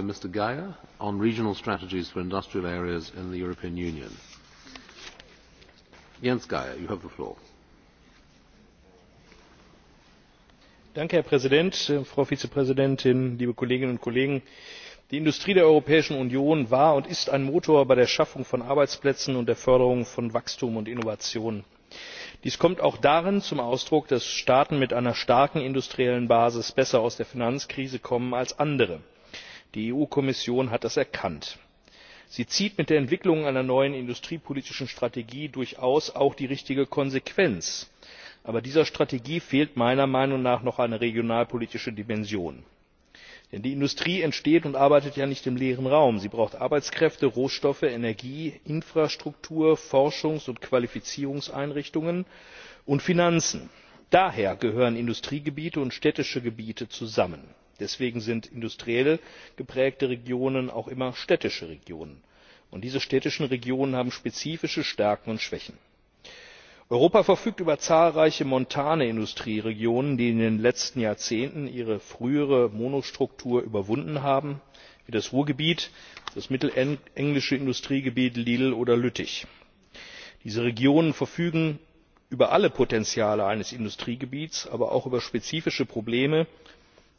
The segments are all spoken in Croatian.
Mr Geier on regional strategies for industrial areas in the European Union. Jens Geyer, you have the floor. Danke, Herr Präsident, äh, Frau Vizepräsidentin, liebe Kolleginnen und Kollegen. Die Industrie der Europäischen Union war und ist ein Motor bei der Schaffung von Arbeitsplätzen und der Förderung von Wachstum und Innovation. Dies kommt auch darin zum Ausdruck, dass Staaten mit einer starken industriellen Basis besser aus der Finanzkrise kommen als andere die eu kommission hat das erkannt. sie zieht mit der entwicklung einer neuen industriepolitischen strategie durchaus auch die richtige konsequenz aber dieser strategie fehlt meiner meinung nach noch eine regionalpolitische dimension. denn die industrie entsteht und arbeitet ja nicht im leeren raum sie braucht arbeitskräfte rohstoffe energie infrastruktur forschungs und qualifizierungseinrichtungen und finanzen. daher gehören industriegebiete und städtische gebiete zusammen deswegen sind industriell geprägte regionen auch immer städtische regionen und diese städtischen regionen haben spezifische stärken und schwächen. europa verfügt über zahlreiche montane industrieregionen die in den letzten jahrzehnten ihre frühere monostruktur überwunden haben wie das ruhrgebiet das mittelenglische industriegebiet lille oder lüttich. diese regionen verfügen über alle potenziale eines industriegebiets aber auch über spezifische probleme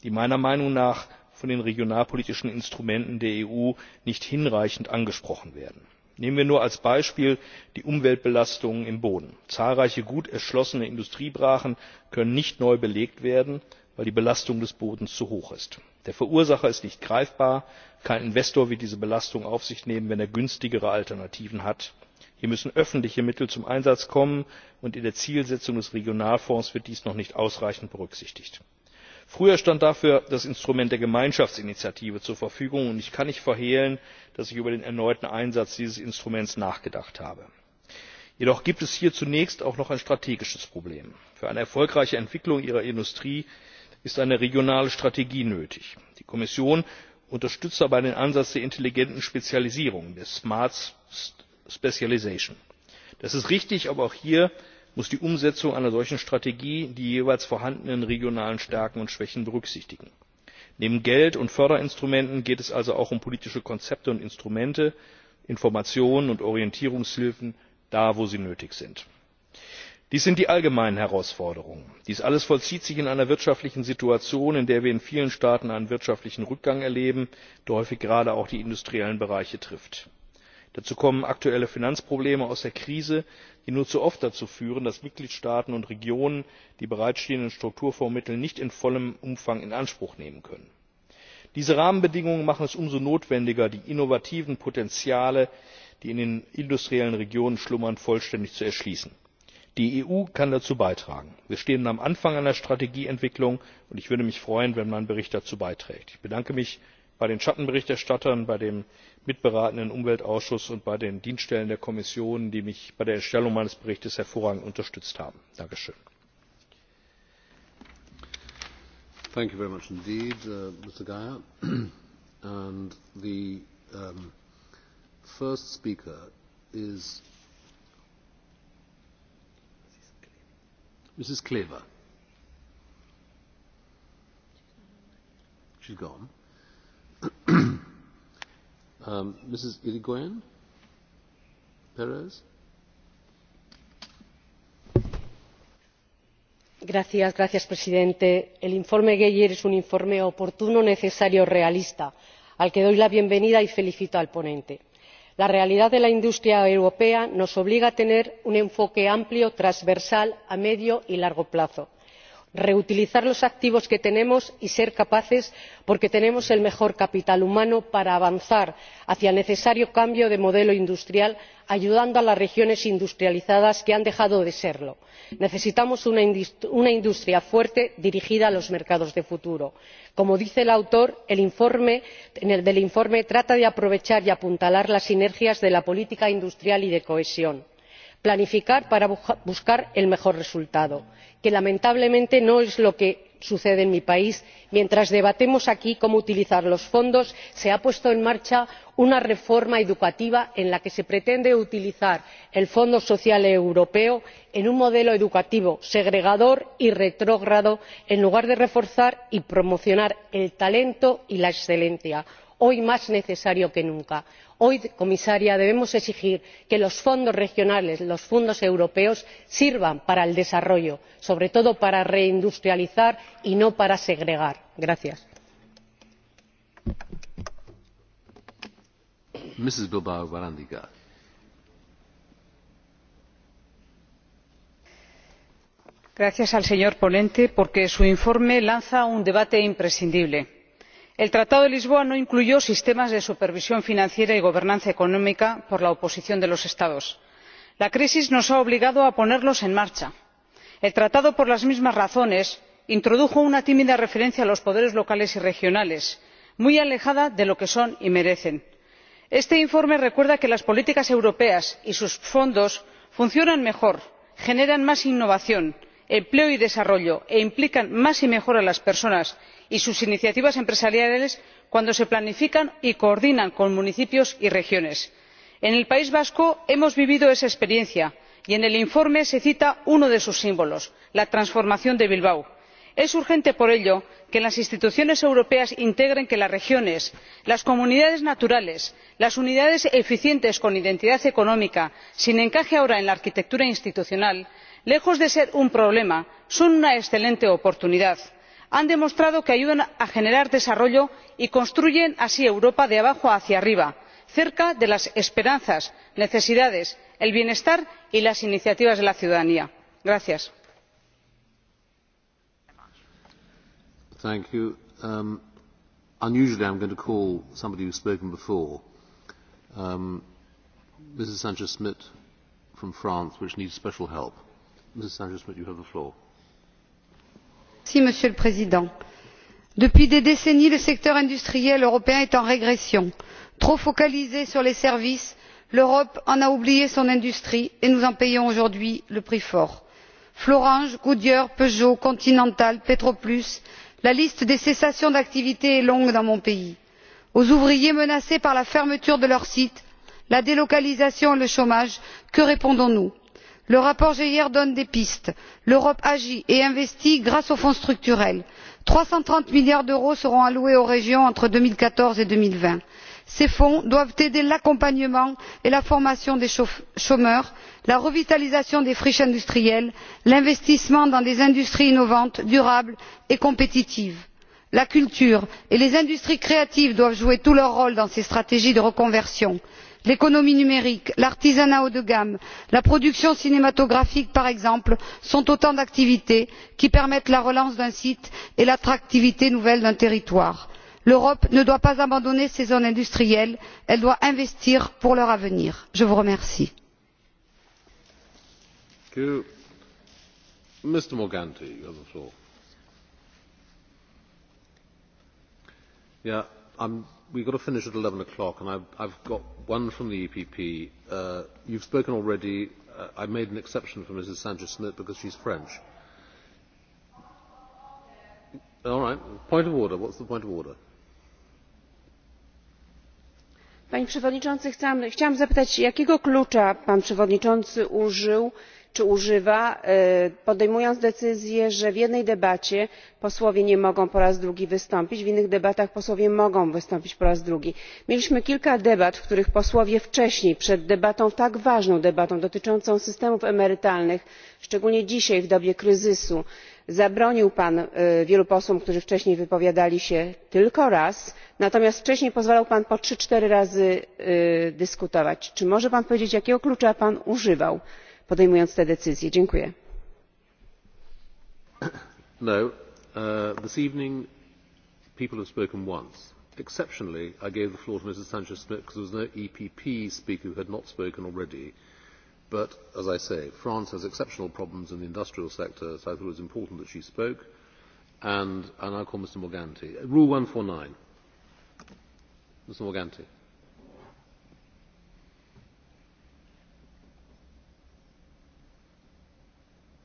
die meiner meinung nach von den regionalpolitischen instrumenten der eu nicht hinreichend angesprochen werden. nehmen wir nur als beispiel die umweltbelastungen im boden zahlreiche gut erschlossene industriebrachen können nicht neu belegt werden weil die belastung des bodens zu hoch ist. der verursacher ist nicht greifbar kein investor wird diese belastung auf sich nehmen wenn er günstigere alternativen hat. hier müssen öffentliche mittel zum einsatz kommen und in der zielsetzung des regionalfonds wird dies noch nicht ausreichend berücksichtigt früher stand dafür das instrument der gemeinschaftsinitiative zur verfügung und ich kann nicht verhehlen dass ich über den erneuten einsatz dieses instruments nachgedacht habe. jedoch gibt es hier zunächst auch noch ein strategisches problem. für eine erfolgreiche entwicklung ihrer industrie ist eine regionale strategie nötig. die kommission unterstützt dabei den ansatz der intelligenten spezialisierung der smart specialisation. das ist richtig aber auch hier muss die umsetzung einer solchen strategie die jeweils vorhandenen regionalen stärken und schwächen berücksichtigen. neben geld und förderinstrumenten geht es also auch um politische konzepte und instrumente Informationen und orientierungshilfen da wo sie nötig sind. dies sind die allgemeinen herausforderungen. dies alles vollzieht sich in einer wirtschaftlichen situation in der wir in vielen staaten einen wirtschaftlichen rückgang erleben der häufig gerade auch die industriellen bereiche trifft dazu kommen aktuelle finanzprobleme aus der krise die nur zu oft dazu führen dass mitgliedstaaten und regionen die bereitstehenden strukturfondsmittel nicht in vollem umfang in anspruch nehmen können. diese rahmenbedingungen machen es umso notwendiger die innovativen potenziale die in den industriellen regionen schlummern vollständig zu erschließen. die eu kann dazu beitragen. wir stehen am anfang einer strategieentwicklung und ich würde mich freuen wenn mein bericht dazu beiträgt. ich bedanke bei den schattenberichterstattern bei dem mitberatenden umweltausschuss und bei den dienststellen der kommission die mich bei der erstellung meines berichts hervorragend unterstützt haben. danke schön! Señor um, presidente. El informe Geyer es un informe oportuno, necesario, realista, al que doy la bienvenida y felicito al ponente. La realidad de la industria europea nos obliga a tener un enfoque amplio transversal a medio y largo plazo reutilizar los activos que tenemos y ser capaces porque tenemos el mejor capital humano para avanzar hacia el necesario cambio de modelo industrial ayudando a las regiones industrializadas que han dejado de serlo. necesitamos una industria fuerte dirigida a los mercados de futuro. como dice el autor del informe trata de aprovechar y apuntalar las sinergias de la política industrial y de cohesión planificar para buscar el mejor resultado que lamentablemente no es lo que sucede en mi país mientras debatimos aquí cómo utilizar los fondos se ha puesto en marcha una reforma educativa en la que se pretende utilizar el fondo social europeo en un modelo educativo segregador y retrógrado en lugar de reforzar y promocionar el talento y la excelencia hoy más necesario que nunca hoy comisaria debemos exigir que los fondos regionales los fondos europeos sirvan para el desarrollo sobre todo para reindustrializar y no para segregar. gracias al señor ponente porque su informe lanza un debate imprescindible el tratado de lisboa no incluyó sistemas de supervisión financiera y gobernanza económica por la oposición de los estados. la crisis nos ha obligado a ponerlos en marcha. el tratado por las mismas razones introdujo una tímida referencia a los poderes locales y regionales muy alejada de lo que son y merecen. este informe recuerda que las políticas europeas y sus fondos funcionan mejor generan más innovación empleo y desarrollo e implican más y mejor a las personas y sus iniciativas empresariales cuando se planifican y coordinan con municipios y regiones. en el país vasco hemos vivido esa experiencia y en el informe se cita uno de sus símbolos la transformación de bilbao. es urgente por ello que las instituciones europeas integren que las regiones las comunidades naturales las unidades eficientes con identidad económica sin encaje ahora en la arquitectura institucional lejos de ser un problema son una excelente oportunidad. han demostrado que ayudan a generar desarrollo y construyen así europa de abajo hacia arriba cerca de las esperanzas necesidades el bienestar y las iniciativas de la ciudadanía. gracias. Um, unusually going to call somebody who spoken before. Um, sanchez from france which needs special help monsieur le président depuis des décennies le secteur industriel européen est en régression. trop focalisée sur les services l'europe en a oublié son industrie et nous en payons aujourd'hui le prix fort. florange goodyear peugeot continental petroplus la liste des cessations d'activité est longue dans mon pays. aux ouvriers menacés par la fermeture de leur sites la délocalisation et le chômage que répondons nous? le rapport geier donne des pistes l'europe agit et investit grâce aux fonds structurels trois cent trente milliards d'euros seront alloués aux régions entre deux mille quatorze et. deux mille vingt ces fonds doivent aider l'accompagnement et la formation des chômeurs la revitalisation des friches industrielles l'investissement dans des industries innovantes durables et compétitives. la culture et les industries créatives doivent jouer tout leur rôle dans ces stratégies de reconversion l'économie numérique l'artisanat haut de gamme la production cinématographique par exemple sont autant d'activités qui permettent la relance d'un site et l'attractivité nouvelle d'un territoire. l'europe ne doit pas abandonner ses zones industrielles elle doit investir pour leur avenir. je vous remercie we we've got to finish at 11 o'clock, and i I've got one from the EPP. you uh, you've spoken already. Uh, I made an exception for Mrs. Sanchez-Smith because she's French. All right. Point of order. What's the point of order? Panie Przewodniczący, chciałam zapytać, jakiego klucza Pan Przewodniczący użył czy używa e, podejmując decyzję że w jednej debacie posłowie nie mogą po raz drugi wystąpić w innych debatach posłowie mogą wystąpić po raz drugi. mieliśmy kilka debat w których posłowie wcześniej przed debatą tak ważną debatą dotyczącą systemów emerytalnych szczególnie dzisiaj w dobie kryzysu zabronił pan e, wielu posłom którzy wcześniej wypowiadali się tylko raz natomiast wcześniej pozwalał pan po trzy cztery razy e, dyskutować. czy może pan powiedzieć jakiego klucza pan używał? podejmując te decyzje. dziękuję. No, uh, this evening people have spoken once. Exceptionally, I gave the floor to Mrs. Sanchez-Smith because there was no EPP speaker who had not spoken already. But, as I say, France has exceptional problems in the industrial sector, so I thought it was important that she spoke. And I now call Mr. Morganti. Rule 149. Mr. Morganti.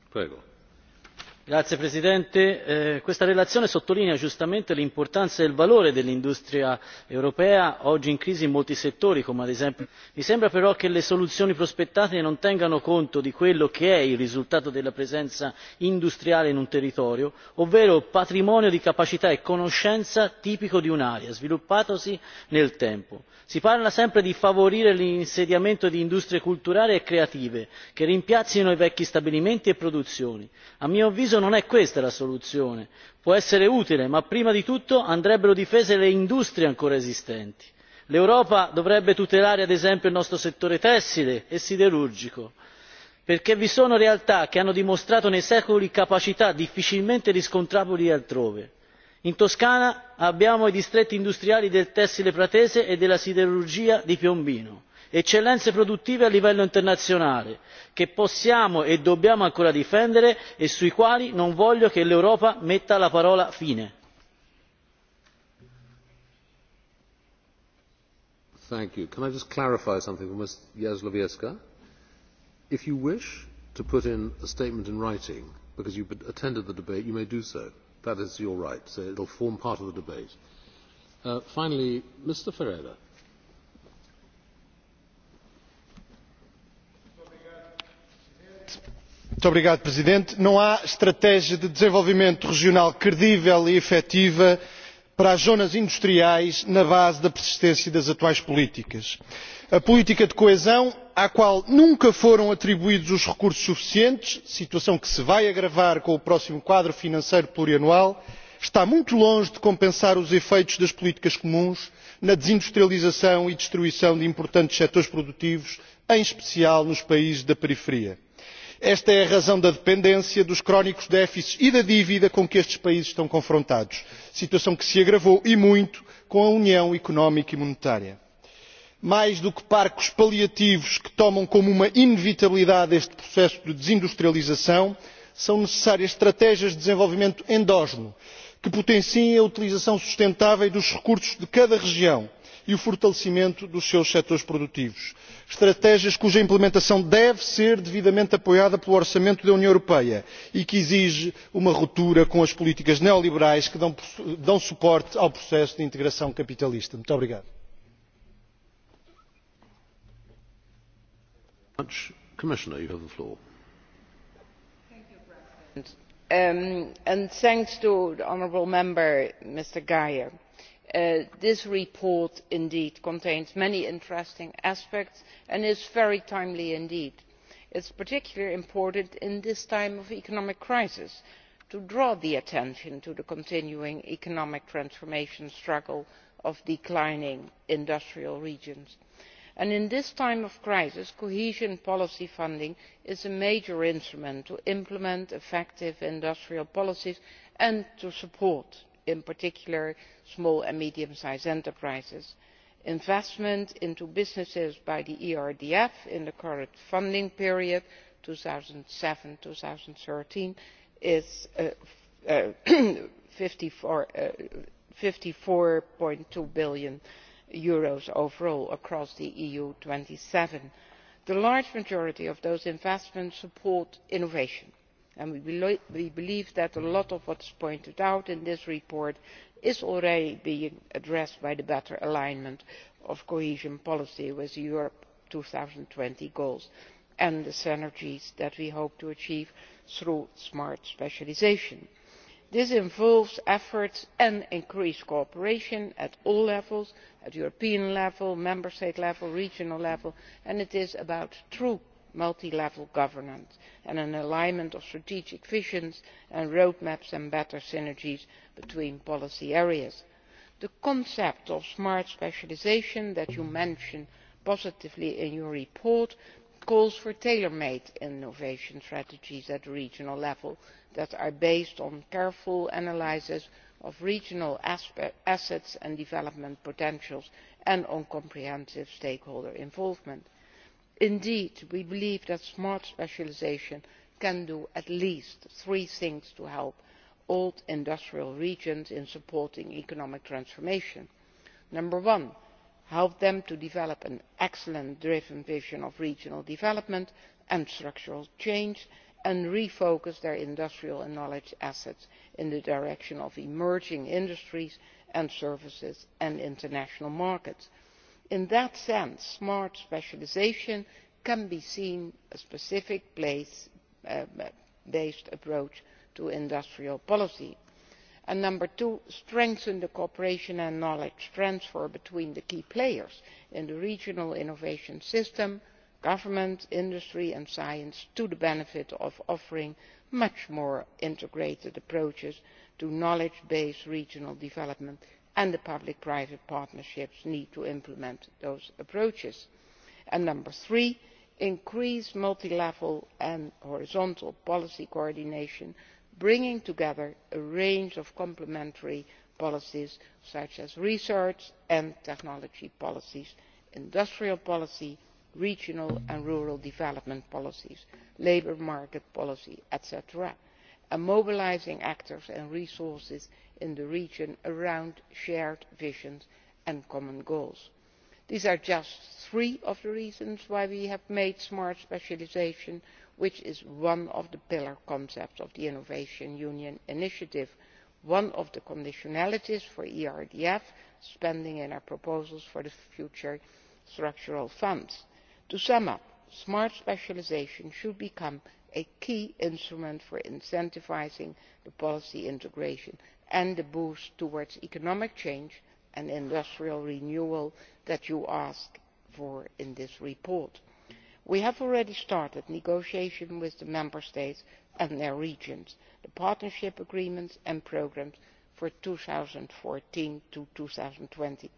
prego signor presidente onorevoli eh, colleghi questa relazione sottolinea giustamente l'importanza e il valore dell'industria europea oggi in crisi in molti settori come ad esempio. mi sembra però che le soluzioni prospettate non tengano conto di quello che è il risultato della presenza industriale in un territorio ovvero patrimonio di capacità e conoscenza tipico di un'area sviluppatosi nel tempo. si parla sempre di favorire l'insediamento di industrie culturali e creative che rimpiazzino i vecchi stabilimenti e produzioni non è questa la soluzione può essere utile ma prima di tutto andrebbero difese le industrie ancora esistenti. l'europa dovrebbe tutelare ad esempio il nostro settore tessile e siderurgico perché vi sono realtà che hanno dimostrato nei secoli capacità difficilmente riscontrabili altrove. in toscana abbiamo i distretti industriali del tessile pratese e della siderurgia di piombino eccellenze produttive a livello internazionale che possiamo e dobbiamo ancora difendere e sui quali non voglio che l'europa metta la parola fine. can i just clarify something for ms if you wish to put in a statement in writing because you attended the debate you may do so. that is your right so it will form part of the debate. Uh, finally mr ferreira senhor presidente não há estratégia de desenvolvimento regional credível e efetiva para as zonas industriais na base da persistência das atuais políticas. a política de coesão à qual nunca foram atribuídos os recursos suficientes situação que se vai agravar com o próximo quadro financeiro plurianual está muito longe de compensar os efeitos das políticas comuns na desindustrialização e destruição de importantes setores produtivos em especial nos países da periferia esta é a razão da dependência dos crónicos déficits e da dívida com que estes países estão confrontados situação que se agravou e muito com a união económica e monetária. mais do que parcos paliativos que tomam como uma inevitabilidade este processo de desindustrialização são necessárias estratégias de desenvolvimento endógeno que potenciem a utilização sustentável dos recursos de cada região e o fortalecimento dos seus setores produtivos estratégias cuja implementação deve ser devidamente apoiada pelo orçamento da união europeia e que exige uma ruptura com as políticas neoliberais que dão suporte ao processo de integração capitalista. muito obrigado. Uh, this report indeed contains many interesting aspects and is very timely indeed. it is particularly important at this time of economic crisis to draw attention to the continuing economic transformation struggle of declining industrial regions. In this time of crisis cohesion policy funding is a major instrument to implement effective industrial policies and to support in particular small and medium sized enterprises. investment into businesses by the erdf in the current funding period two thousand and seven two thousand and thirteen is eur. fifty four two billion overall across the eu twenty seven. the large majority of those investments support innovation and we believe that a lot of what is pointed out in this report is already being addressed by the better alignment of cohesion policy with the europe two twenty goals and the synergies that we hope to achieve through smart specialisation. this involves efforts and increased cooperation at all levels at european level member state level regional level and it is about true multi level governance and an alignment of strategic visions and roadmaps and better synergies between policy areas. the concept of smart specialisation that you mention positively in your report calls for tailor made innovation strategies at regional level that are based on careful analysis of regional assets and development potentials and on comprehensive stakeholder involvement indeed we believe that smart specialisation can do at least three things to help old industrial regions in supporting economic transformation number one help them to develop an excellent driven vision of regional development and structural change and refocus their industrial and knowledge assets in the direction of emerging industries and services and international markets in that sense smart specialisation can be seen as a specific place um, based approach to industrial policy. number two strengthen the cooperation and knowledge transfer between the key players in the regional innovation system government industry and science to the benefit of offering much more integrated approaches to knowledge based regional development and the public private partnerships need to implement those approaches. number three increase multi level and horizontal policy coordination bringing together a range of complementary policies such as research and technology policies industrial policy regional and rural development policies labour market policy etc and mobilising actors and resources in the region around shared visions and common goals. these are just three of the reasons why we have made smart specialisation which is one of the pillar concepts of the innovation union initiative one of the conditionalities for erdf spending in our proposals for the future structural funds. to sum smart specialisation should become a key instrument for incentivising policy integration and the boost towards economic change and industrial renewal that you ask for in this report. we have already started negotiations with the member states and their regions the partnership agreements and programmes for two thousand and fourteen to two thousand and twenty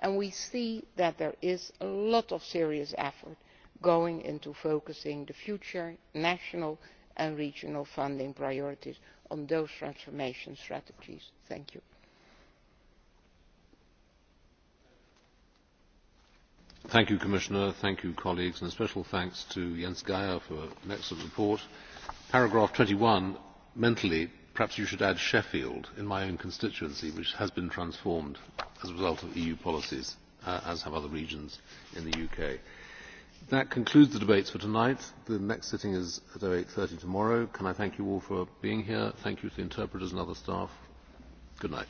and we see that there is a lot of serious effort going into focusing the future national and regional funding priorities on those transformation strategies. thank you. thank you commissioner thank you colleagues and a special thanks to jens geier for an excellent report. paragraph twenty one mentally perhaps you should add sheffield in my own constituency which has been transformed as a result of eu policies uh, as have other regions in the uk. That concludes the debates for tonight. The next sitting is at 8.30 tomorrow. Can I thank you all for being here? Thank you to the interpreters and other staff. Good night.